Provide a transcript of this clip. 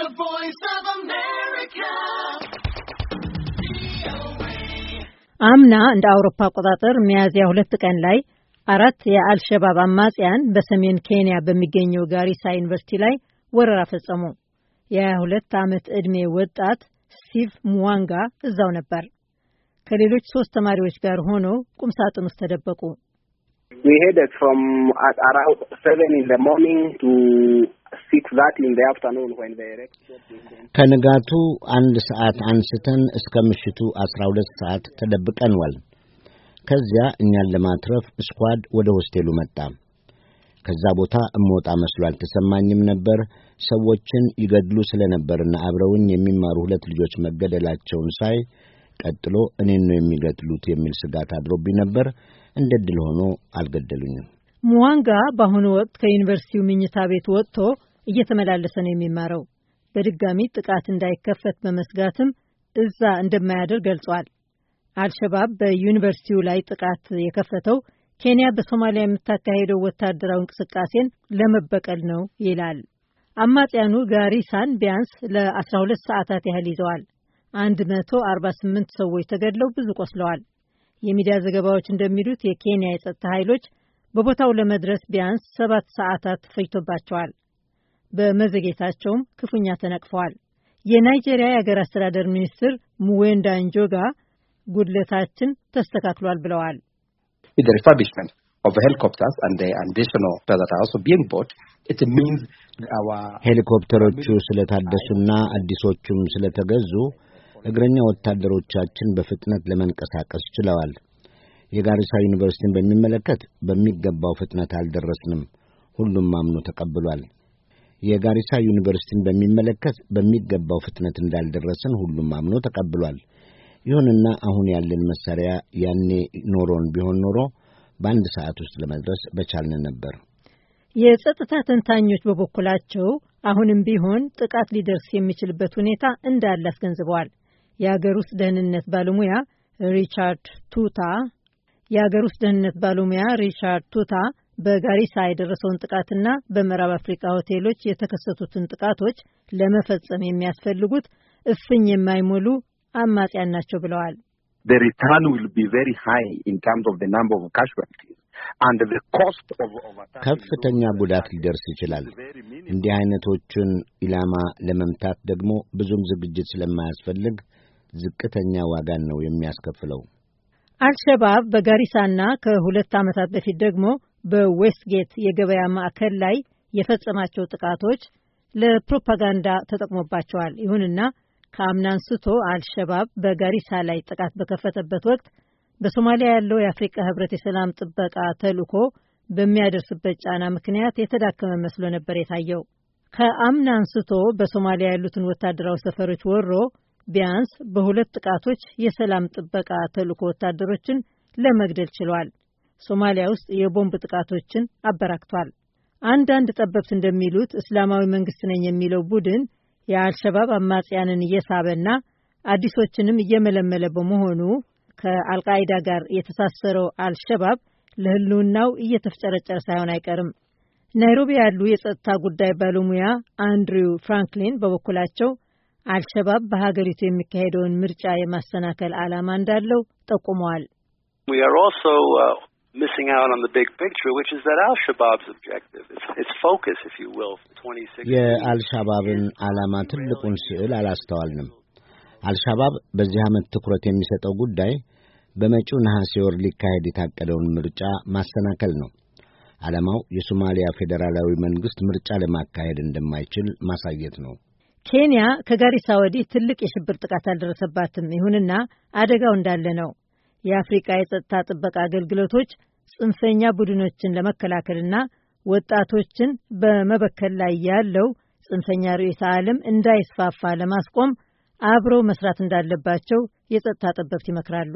The Voice of America. አምና እንደ አውሮፓ አቆጣጠር ሚያዝያ ሁለት ቀን ላይ አራት የአልሸባብ አማጽያን በሰሜን ኬንያ በሚገኘው ጋሪሳ ዩኒቨርሲቲ ላይ ወረራ ፈጸሙ። የሁለት ዓመት ዕድሜ ወጣት ስቲቭ ሙዋንጋ እዛው ነበር። ከሌሎች ሶስት ተማሪዎች ጋር ሆኖ ቁም ሳጥን ውስጥ ተደበቁ። ከንጋቱ አንድ ሰዓት አንስተን እስከ ምሽቱ አስራ ሁለት ሰዓት ተደብቀንዋል። ከዚያ እኛን ለማትረፍ ስኳድ ወደ ሆስቴሉ መጣ። ከዛ ቦታ እምወጣ መስሎ አልተሰማኝም ነበር። ሰዎችን ይገድሉ ስለነበርና አብረውኝ የሚማሩ ሁለት ልጆች መገደላቸውን ሳይ ቀጥሎ እኔን ነው የሚገድሉት የሚል ስጋት አድሮብኝ ነበር። እንደ ድል ሆኖ አልገደሉኝም። ሙዋንጋ በአሁኑ ወቅት ከዩኒቨርሲቲው መኝታ ቤት ወጥቶ እየተመላለሰ ነው የሚማረው። በድጋሚ ጥቃት እንዳይከፈት በመስጋትም እዛ እንደማያደር ገልጿል። አልሸባብ በዩኒቨርሲቲው ላይ ጥቃት የከፈተው ኬንያ በሶማሊያ የምታካሄደው ወታደራዊ እንቅስቃሴን ለመበቀል ነው ይላል። አማጽያኑ ጋሪሳን ቢያንስ ለ12 ሰዓታት ያህል ይዘዋል። 148 ሰዎች ተገድለው ብዙ ቆስለዋል። የሚዲያ ዘገባዎች እንደሚሉት የኬንያ የጸጥታ ኃይሎች በቦታው ለመድረስ ቢያንስ ሰባት ሰዓታት ፈጅቶባቸዋል። በመዘግየታቸውም ክፉኛ ተነቅፈዋል። የናይጄሪያ የአገር አስተዳደር ሚኒስትር ሙዌንዳ እንጆጋ ጉድለታችን ተስተካክሏል ብለዋል። ሄሊኮፕተሮቹ ስለታደሱና አዲሶቹም ስለተገዙ እግረኛ ወታደሮቻችን በፍጥነት ለመንቀሳቀስ ችለዋል። የጋሪሳ ዩኒቨርሲቲን በሚመለከት በሚገባው ፍጥነት አልደረስንም። ሁሉም አምኖ ተቀብሏል። የጋሪሳ ዩኒቨርሲቲን በሚመለከት በሚገባው ፍጥነት እንዳልደረስን ሁሉም አምኖ ተቀብሏል። ይሁንና አሁን ያለን መሳሪያ ያኔ ኖሮን ቢሆን ኖሮ በአንድ ሰዓት ውስጥ ለመድረስ በቻልን ነበር። የጸጥታ ተንታኞች በበኩላቸው አሁንም ቢሆን ጥቃት ሊደርስ የሚችልበት ሁኔታ እንዳለ አስገንዝበዋል። የአገር ውስጥ ደህንነት ባለሙያ ሪቻርድ ቱታ የአገር ውስጥ ደህንነት ባለሙያ ሪቻርድ ቱታ በጋሪሳ የደረሰውን ጥቃትና በምዕራብ አፍሪካ ሆቴሎች የተከሰቱትን ጥቃቶች ለመፈጸም የሚያስፈልጉት እፍኝ የማይሞሉ አማጽያን ናቸው ብለዋል። ከፍተኛ ጉዳት ሊደርስ ይችላል። እንዲህ አይነቶቹን ኢላማ ለመምታት ደግሞ ብዙም ዝግጅት ስለማያስፈልግ ዝቅተኛ ዋጋን ነው የሚያስከፍለው። አልሸባብ በጋሪሳና ከሁለት ዓመታት በፊት ደግሞ በዌስትጌት የገበያ ማዕከል ላይ የፈጸማቸው ጥቃቶች ለፕሮፓጋንዳ ተጠቅሞባቸዋል። ይሁንና ከአምና አንስቶ አልሸባብ በጋሪሳ ላይ ጥቃት በከፈተበት ወቅት በሶማሊያ ያለው የአፍሪካ ህብረት የሰላም ጥበቃ ተልእኮ በሚያደርስበት ጫና ምክንያት የተዳከመ መስሎ ነበር የታየው። ከአምና አንስቶ በሶማሊያ ያሉትን ወታደራዊ ሰፈሮች ወሮ ቢያንስ በሁለት ጥቃቶች የሰላም ጥበቃ ተልእኮ ወታደሮችን ለመግደል ችሏል። ሶማሊያ ውስጥ የቦምብ ጥቃቶችን አበራክቷል። አንዳንድ ጠበብት እንደሚሉት እስላማዊ መንግስት ነኝ የሚለው ቡድን የአልሸባብ አማጽያንን እየሳበና አዲሶችንም እየመለመለ በመሆኑ ከአልቃይዳ ጋር የተሳሰረው አልሸባብ ለህልውናው እየተፍጨረጨረ ሳይሆን አይቀርም። ናይሮቢ ያሉ የጸጥታ ጉዳይ ባለሙያ አንድሪው ፍራንክሊን በበኩላቸው አልሸባብ በሀገሪቱ የሚካሄደውን ምርጫ የማሰናከል ዓላማ እንዳለው ጠቁመዋል። missing out on the big picture, which is that al-Shabaab's objective, its, its focus, if you will, የአልሻባብን ዓላማ ትልቁን ስዕል አላስተዋልንም። አልሻባብ በዚህ ዓመት ትኩረት የሚሰጠው ጉዳይ በመጪው ነሐሴ ወር ሊካሄድ የታቀደውን ምርጫ ማሰናከል ነው። ዓላማው የሶማሊያ ፌዴራላዊ መንግሥት ምርጫ ለማካሄድ እንደማይችል ማሳየት ነው። ኬንያ ከጋሪሳ ወዲህ ትልቅ የሽብር ጥቃት አልደረሰባትም። ይሁንና አደጋው እንዳለ ነው። የአፍሪቃ የጸጥታ ጥበቃ አገልግሎቶች ጽንፈኛ ቡድኖችን ለመከላከልና ወጣቶችን በመበከል ላይ ያለው ጽንፈኛ ርዕዮተ ዓለም እንዳይስፋፋ ለማስቆም አብረው መስራት እንዳለባቸው የጸጥታ ጠበብት ይመክራሉ።